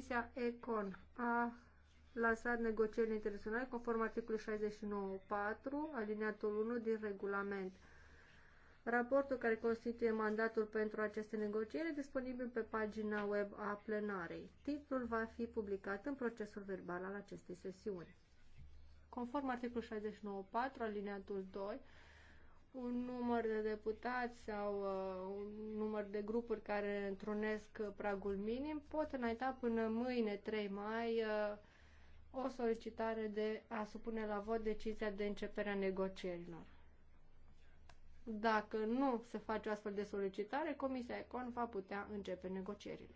Comisia ECON a lansat negocieri internaționale conform articolului 69.4, alineatul 1 din regulament. Raportul care constituie mandatul pentru aceste negocieri e disponibil pe pagina web a plenarei. Titlul va fi publicat în procesul verbal al acestei sesiuni. Conform articolul 69.4, alineatul 2, un număr număr de deputați sau uh, un număr de grupuri care întrunesc pragul minim pot înainta până mâine 3 mai uh, o solicitare de a supune la vot decizia de începere a negocierilor. Dacă nu se face o astfel de solicitare, Comisia Econ va putea începe negocierile.